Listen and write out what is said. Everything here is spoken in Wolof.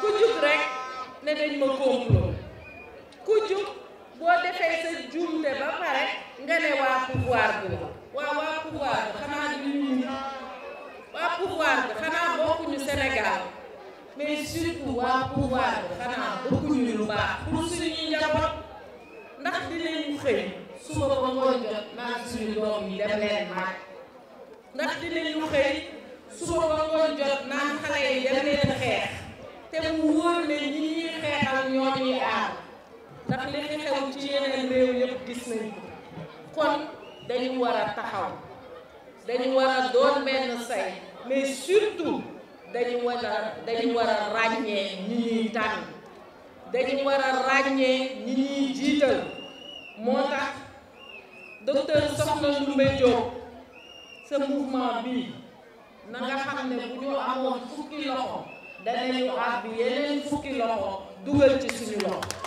ku jug rek ne dañ ma complot ku jug boo defee sa juumte ba pare nga ne waa pouvoir bi la waaw waa pouvoir bi xanaa du ñu nit waa pouvoir bi xanaa bokkuñu Sénégal mais surtout waa pouvoir bi xanaa bëgguñu lu baax pour suñu njaboot ndax dinañu xëy suba ba ngoon jot naan suñu doom yi dem leen mag ndax dinañu xëy mu wóor ne ñi ñuy xeexal ñoo ñuy aar ndax li fi ci yeneen réew yëpp gis nañ kon dañu war a taxaw dañu war a doon benn say mais surtout dañu war a dañu war a ràññee ñi ñuy tànn dañu war a ràññee ñi ñuy jiital moo tax docteur Soxna Ndoumbe Diop sa mouvement bii na nga xam ne bu ñu amoon fukki loxo danañu aab bi yeneen fukki loxo dugal ci suñu loxo